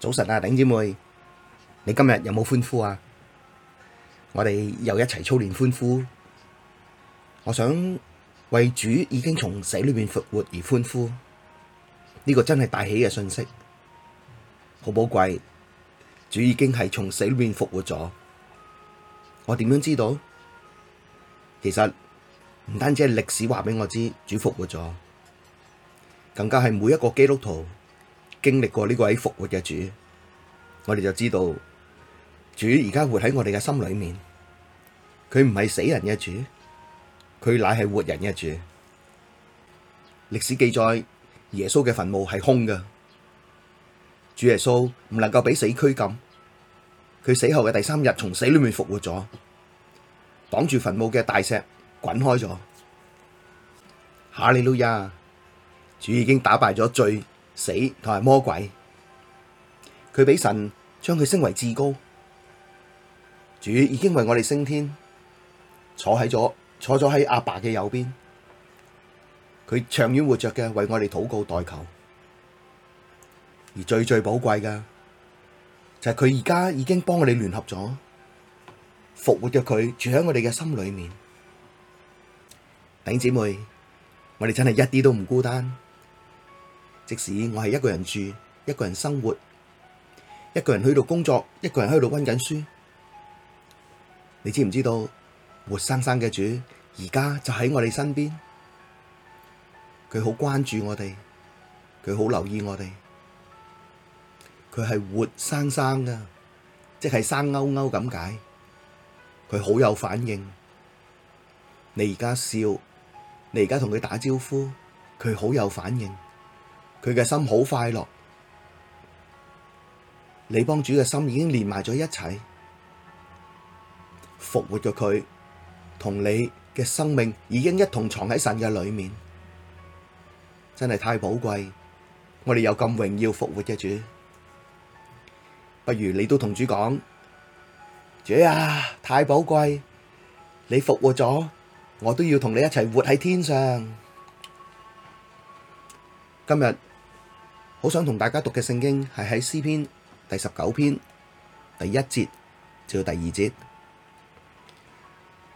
早晨啊，頂姐妹，你今日有冇歡呼啊？我哋又一齊操練歡呼。我想為主已經從死裏面復活而歡呼，呢個真係大喜嘅信息，好寶貴。主已經係從死裏面復活咗。我點樣知道？其實唔單止係歷史話畀我知主復活咗，更加係每一個基督徒。經歷過呢個位復活嘅主，我哋就知道主而家活喺我哋嘅心裏面，佢唔係死人嘅主，佢乃係活人嘅主。歷史記載耶穌嘅墳墓係空嘅，主耶穌唔能夠俾死拘禁，佢死後嘅第三日從死裏面復活咗，擋住墳墓嘅大石滾開咗，哈利路亞！主已經打敗咗罪。死同埋魔鬼，佢畀神將佢升為至高，主已經為我哋升天，坐喺咗，坐咗喺阿爸嘅右邊，佢長遠活着嘅，為我哋禱告代求，而最最寶貴嘅就係佢而家已經幫我哋聯合咗復活咗，佢住喺我哋嘅心裏面，頂姐妹，我哋真係一啲都唔孤單。即使我係一個人住，一個人生活，一個人喺度工作，一個人喺度溫緊書，你知唔知道？活生生嘅主而家就喺我哋身邊，佢好關注我哋，佢好留意我哋，佢係活生生㗎，即係生勾勾咁解，佢好有反應。你而家笑，你而家同佢打招呼，佢好有反應。佢嘅心好快樂，你幫主嘅心已經連埋咗一齊復活咗佢，同你嘅生命已經一同藏喺神嘅裏面，真係太寶貴。我哋有咁榮耀復活嘅主，不如你都同主講，主啊，太寶貴，你復活咗，我都要同你一齊活喺天上。今日。好想同大家讀嘅聖經係喺詩篇第十九篇第一節至到第二節。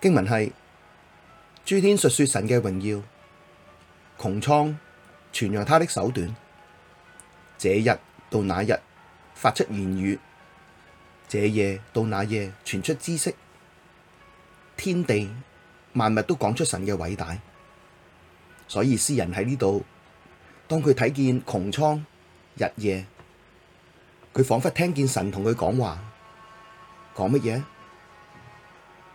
經文係，諸天述說神嘅榮耀，穹蒼傳揚他的手段。這日到那日發出言語，這夜到那夜傳出知識。天地萬物都講出神嘅偉大，所以詩人喺呢度。當佢睇見穹蒼日夜，佢仿佛聽見神同佢講話，講乜嘢？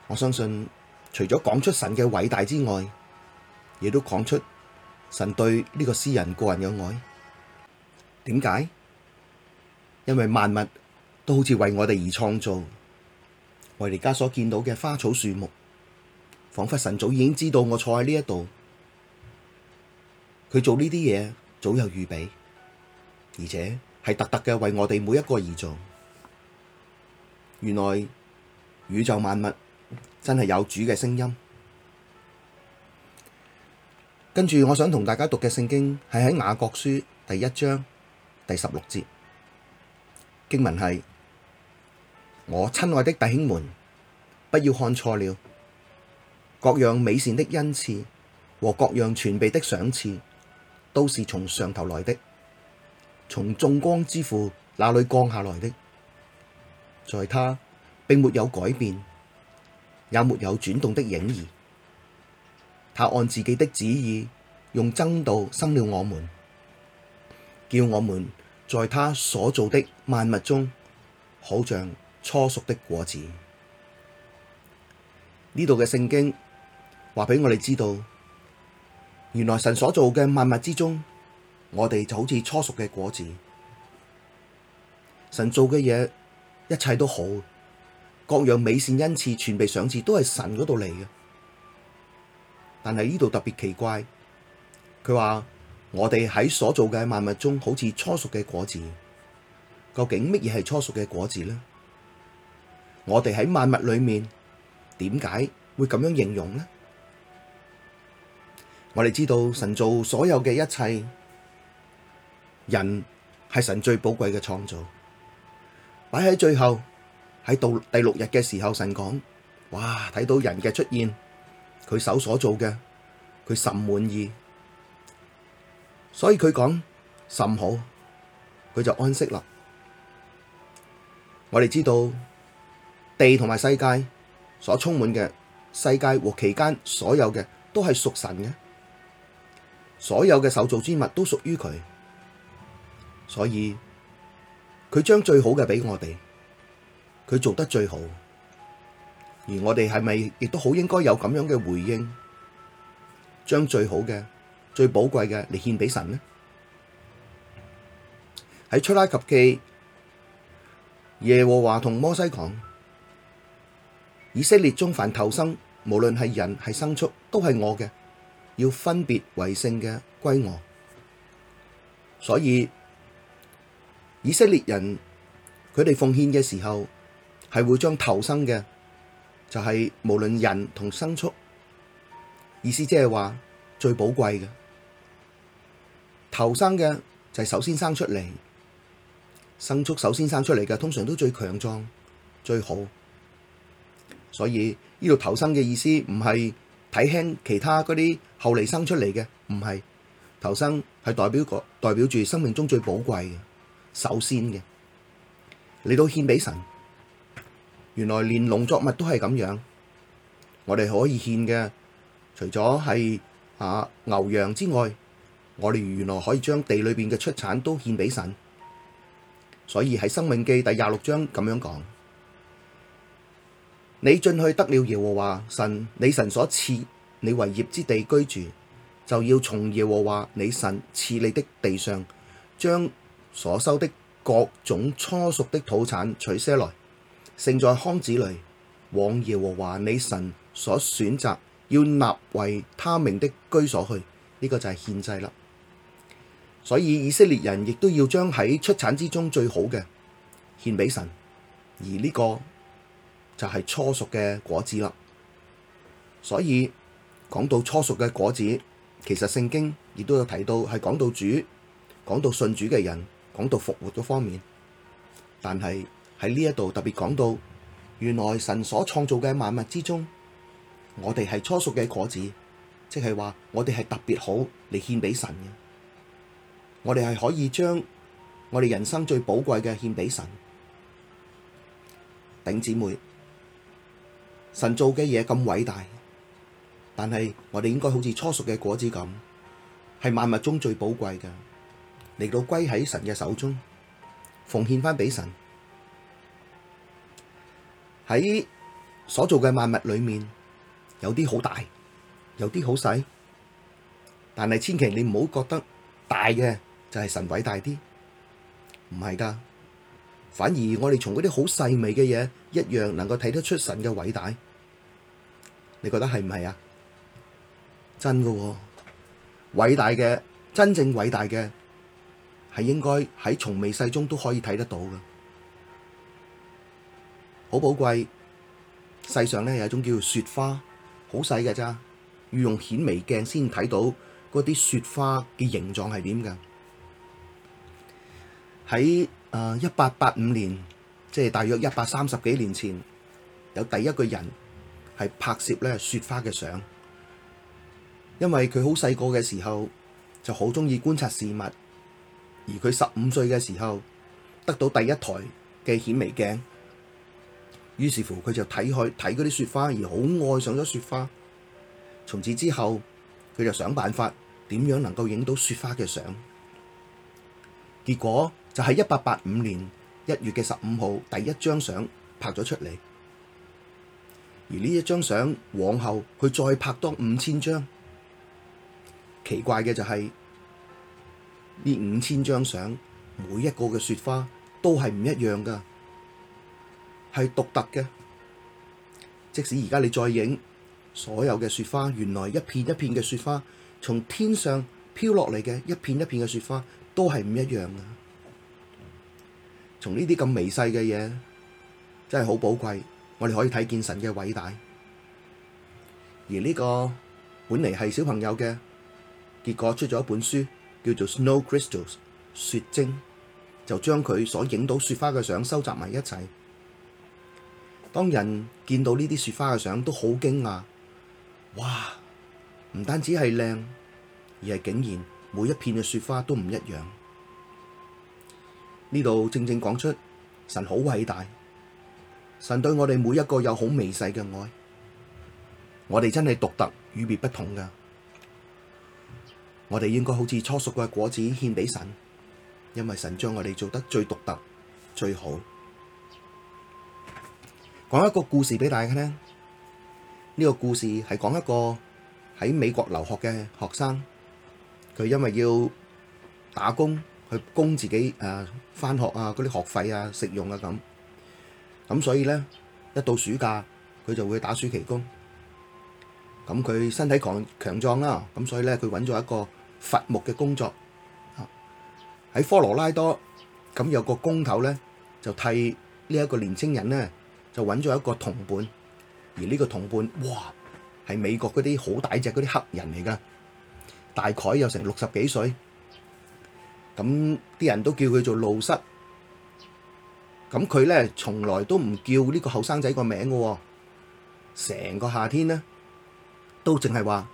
我相信除咗講出神嘅偉大之外，亦都講出神對呢個詩人個人嘅愛。點解？因為萬物都好似為我哋而創造。我哋而家所見到嘅花草樹木，仿佛神早已經知道我坐喺呢一度。佢做呢啲嘢早有預備，而且係特特嘅為我哋每一個而做。原來宇宙萬物真係有主嘅聲音。跟住我想同大家讀嘅聖經係喺雅各書第一章第十六節，經文係：我親愛的弟兄們，不要看錯了，各樣美善的恩賜和各樣全備的賞賜，都是從上頭來的，從眾光之父那裡降下來的。在他並沒有改變，也沒有轉動的影兒。他按自己的旨意，用真道生了我們，叫我們在他所造的萬物中，好像初熟的果子。呢度嘅聖經話俾我哋知道，原來神所做嘅萬物之中，我哋就好似初熟嘅果子。神做嘅嘢，一切都好，各樣美善恩賜全備賞賜，都係神嗰度嚟嘅。但係呢度特別奇怪，佢話我哋喺所做嘅萬物中，好似初熟嘅果子。究竟乜嘢係初熟嘅果子呢？我哋喺萬物裏面，點解會咁樣形容呢？我哋知道神做所有嘅一切，人係神最寶貴嘅創造，擺喺最後喺到第六日嘅時候，神講：哇，睇到人嘅出現，佢手所做嘅，佢甚滿意，所以佢講甚好，佢就安息啦。我哋知道地同埋世界所充滿嘅世界和其間所有嘅都係屬神嘅。所有嘅受造之物都屬於佢，所以佢將最好嘅畀我哋，佢做得最好，而我哋係咪亦都好應該有咁樣嘅回應，將最好嘅、最寶貴嘅嚟獻畀神呢？喺出埃及記，耶和華同摩西講：以色列中凡頭生，無論係人係牲畜，都係我嘅。要分別為聖嘅，歸我，所以以色列人佢哋奉獻嘅時候係會將頭生嘅，就係無論人同牲畜，意思即係話最寶貴嘅頭生嘅就係首先生出嚟，牲畜首先生出嚟嘅通常都最強壯、最好，所以呢度頭生嘅意思唔係。睇輕其他嗰啲後嚟生出嚟嘅，唔係頭生，係代表個代表住生命中最寶貴嘅，首先嘅，你都獻畀神。原來連農作物都係咁樣，我哋可以獻嘅，除咗係啊牛羊之外，我哋原來可以將地裏邊嘅出產都獻畀神。所以喺《生命記》第廿六章咁樣講。你進去得了耶和華神，你神所賜你為業之地居住，就要從耶和華你神賜你的地上，將所收的各種初熟的土產取些來盛在筐子裏，往耶和華你神所選擇要立為他名的居所去，呢、這個就係獻祭啦。所以以色列人亦都要將喺出產之中最好嘅獻俾神，而呢、這個。就係初熟嘅果子啦，所以講到初熟嘅果子，其實聖經亦都有提到，係講到主，講到信主嘅人，講到復活嗰方面。但係喺呢一度特別講到，原來神所創造嘅萬物之中，我哋係初熟嘅果子，即係話我哋係特別好嚟獻俾神嘅，我哋係可以將我哋人生最寶貴嘅獻俾神，頂姊妹。神做嘅嘢咁偉大，但係我哋應該好似初熟嘅果子咁，係萬物中最寶貴嘅，嚟到歸喺神嘅手中，奉獻翻俾神。喺所做嘅萬物裏面，有啲好大，有啲好細，但係千祈你唔好覺得大嘅就係神偉大啲，唔係噶，反而我哋從嗰啲好細微嘅嘢一樣能夠睇得出神嘅偉大。你覺得係唔係啊？真嘅喎，偉大嘅，真正偉大嘅，係應該喺從微細中都可以睇得到嘅，好寶貴。世上咧有一種叫雪花，好細嘅咋，要用顯微鏡先睇到嗰啲雪花嘅形狀係點㗎。喺啊一八八五年，即係大約一百三十幾年前，有第一個人。係拍攝咧雪花嘅相，因為佢好細個嘅時候就好中意觀察事物，而佢十五歲嘅時候得到第一台嘅顯微鏡，於是乎佢就睇開睇嗰啲雪花，而好愛上咗雪花。從此之後，佢就想辦法點樣能夠影到雪花嘅相，結果就喺一八八五年一月嘅十五號第一張相拍咗出嚟。而呢一張相往後佢再拍多五千張，奇怪嘅就係，呢五千張相每一個嘅雪花都係唔一樣噶，係獨特嘅。即使而家你再影，所有嘅雪花，原來一片一片嘅雪花從天上飄落嚟嘅一片一片嘅雪花都係唔一樣噶。從呢啲咁微細嘅嘢，真係好寶貴。我哋可以睇見神嘅偉大，而呢個本嚟，係小朋友嘅，結果出咗一本書叫做《Snow Crystals》，雪晶，就將佢所影到雪花嘅相收集埋一齊。當人見到呢啲雪花嘅相，都好驚訝，哇！唔單止係靚，而係竟然每一片嘅雪花都唔一樣。呢度正正講出神好偉大。神對我哋每一個有好微細嘅愛，我哋真係獨特與別不同噶。我哋應該好似初熟嘅果子獻畀神，因為神將我哋做得最獨特最好。講一個故事畀大家聽，呢、這個故事係講一個喺美國留學嘅學生，佢因為要打工去供自己誒返、呃、學啊，嗰啲學費啊、食用啊咁。咁所以咧，一到暑假佢就會打暑期工。咁佢身體強強壯啦，咁所以咧佢揾咗一個伐木嘅工作。喺科羅拉多，咁有個工頭咧就替呢一個年輕人咧就揾咗一個同伴，而呢個同伴哇係美國嗰啲好大隻嗰啲黑人嚟噶，大概有成六十幾歲，咁啲人都叫佢做露塞。咁佢咧，從來都唔叫呢個後生仔個名嘅喎，成個夏天咧都淨係話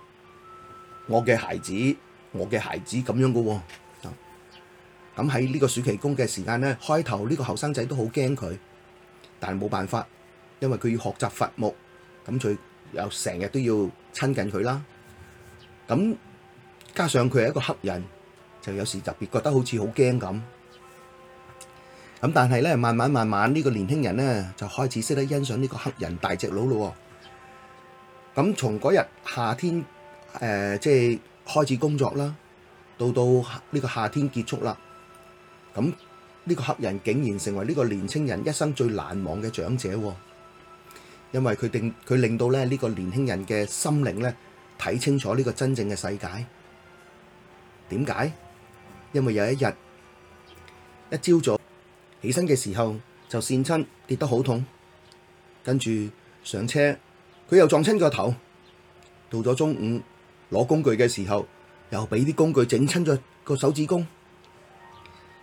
我嘅孩子，我嘅孩子咁樣嘅喎。咁喺呢個暑期工嘅時間咧，開頭呢個後生仔都好驚佢，但係冇辦法，因為佢要學習伐木，咁佢又成日都要親近佢啦。咁加上佢係一個黑人，就有時特別覺得好似好驚咁。咁但係咧，慢慢慢慢呢個年輕人咧就開始識得欣賞呢個黑人大隻佬咯。咁從嗰日夏天誒即係開始工作啦，到到呢個夏天結束啦。咁呢個黑人竟然成為呢個年輕人一生最難忘嘅長者，因為佢定佢令到咧呢個年輕人嘅心靈咧睇清楚呢個真正嘅世界。點解？因為有一日一朝早。起身嘅時候就跣親，跌得好痛。跟住上車，佢又撞親個頭。到咗中午攞工具嘅時候，又俾啲工具整親咗個手指公。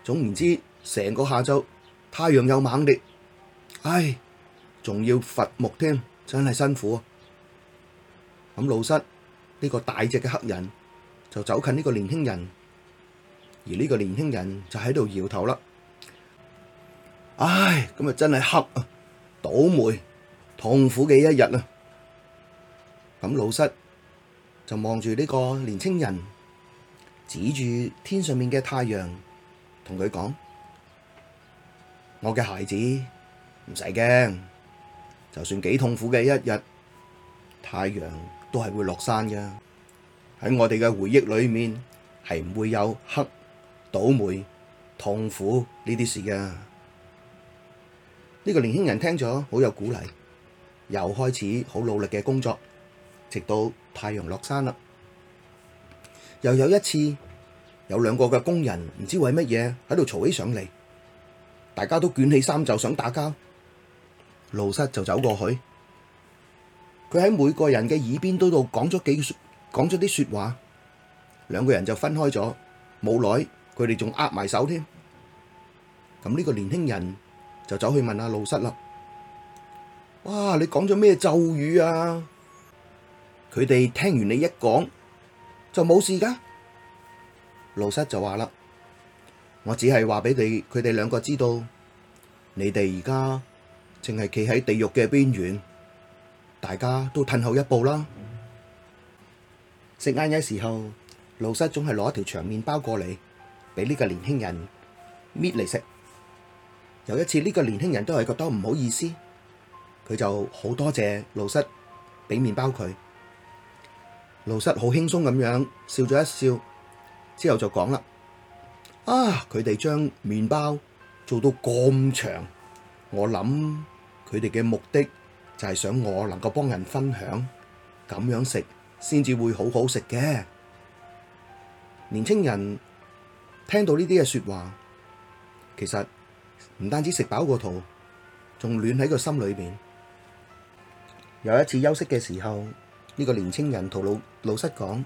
總言之，成個下晝太陽又猛烈，唉，仲要伐木添，真係辛苦。啊！咁老細呢個大隻嘅黑人就走近呢個年輕人，而呢個年輕人就喺度搖頭啦。唉，咁啊真係黑啊，倒霉，痛苦嘅一日啊！咁老師就望住呢個年青人，指住天上面嘅太陽，同佢講：我嘅孩子唔使驚，就算幾痛苦嘅一日，太陽都係會落山㗎。喺我哋嘅回憶裏面，係唔會有黑、倒霉、痛苦呢啲事㗎。呢個年輕人聽咗好有鼓勵，又開始好努力嘅工作，直到太陽落山啦。又有一次，有兩個嘅工人唔知為乜嘢喺度嘈起上嚟，大家都捲起衫袖想打交，勞失就走過去，佢喺每個人嘅耳邊都度講咗幾講咗啲說話，兩個人就分開咗，冇耐佢哋仲握埋手添。咁呢個年輕人。就走去問阿老失啦！哇，你講咗咩咒語啊？佢哋聽完你一講就冇事噶。老失就話啦：，我只係話俾你，佢哋兩個知道，你哋而家淨係企喺地獄嘅邊緣，大家都退後一步啦。嗯、食晏嘅時候，老失總係攞一條長麵包過嚟，俾呢個年輕人搣嚟食。有一次呢個年輕人都係覺得唔好意思，佢就好多謝盧失俾麵包佢，盧失好輕鬆咁樣笑咗一笑，之後就講啦：啊，佢哋將麵包做到咁長，我諗佢哋嘅目的就係想我能夠幫人分享，咁樣食先至會好好食嘅。年青人聽到呢啲嘅說話，其實。唔單止食飽個肚，仲暖喺個心裏邊。有一次休息嘅時候，呢個年青人同老老師講：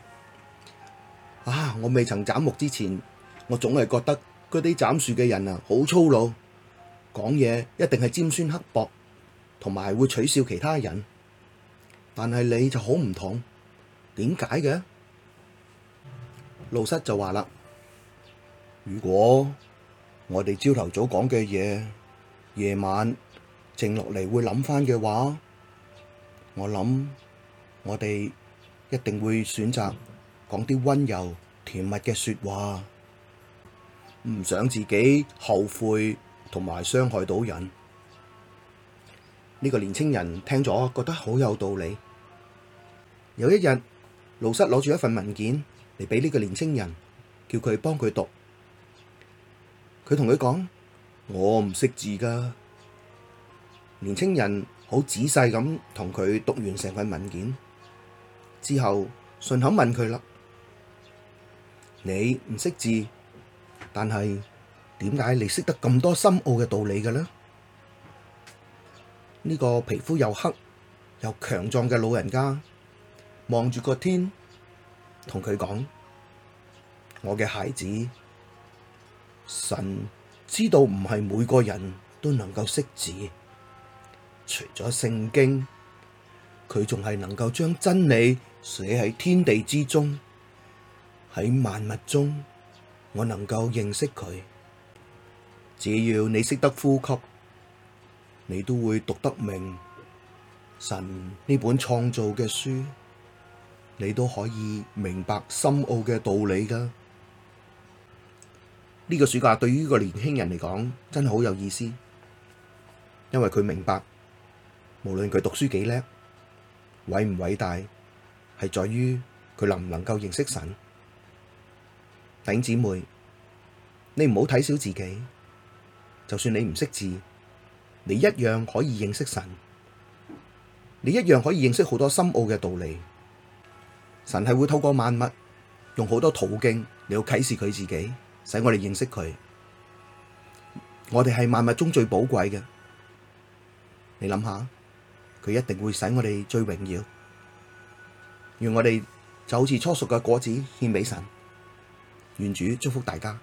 啊，我未曾斬木之前，我總係覺得嗰啲斬樹嘅人啊好粗魯，講嘢一定係尖酸刻薄，同埋會取笑其他人。但係你就好唔同，點解嘅？老師就話啦：如果我哋朝頭早講嘅嘢，夜晚靜落嚟，會諗返嘅話，我諗我哋一定會選擇講啲温柔甜蜜嘅說話，唔想自己後悔同埋傷害到人。呢個年青人聽咗覺得好有道理。有一日，老師攞住一份文件嚟俾呢個年青人，叫佢幫佢讀。佢同佢講：我唔識字噶。年青人好仔細咁同佢讀完成份文件之後，順口問佢啦：你唔識字，但係點解你識得咁多深奧嘅道理嘅咧？呢個皮膚又黑又強壯嘅老人家望住個天，同佢講：我嘅孩子。神知道唔係每個人都能夠識字，除咗聖經，佢仲係能夠將真理寫喺天地之中，喺萬物中，我能夠認識佢。只要你識得呼吸，你都會讀得明神呢本創造嘅書，你都可以明白深奧嘅道理噶。呢個暑假對於個年輕人嚟講真係好有意思，因為佢明白無論佢讀書幾叻、偉唔偉大，係在於佢能唔能夠認識神。頂姊妹，你唔好睇小自己，就算你唔識字，你一樣可以認識神，你一樣可以認識好多深奧嘅道理。神係會透過萬物，用好多途徑嚟到啟示佢自己。使我哋認識佢，我哋係萬物中最寶貴嘅。你諗下，佢一定會使我哋最榮耀。讓我哋就好似初熟嘅果子獻俾神。願主祝福大家。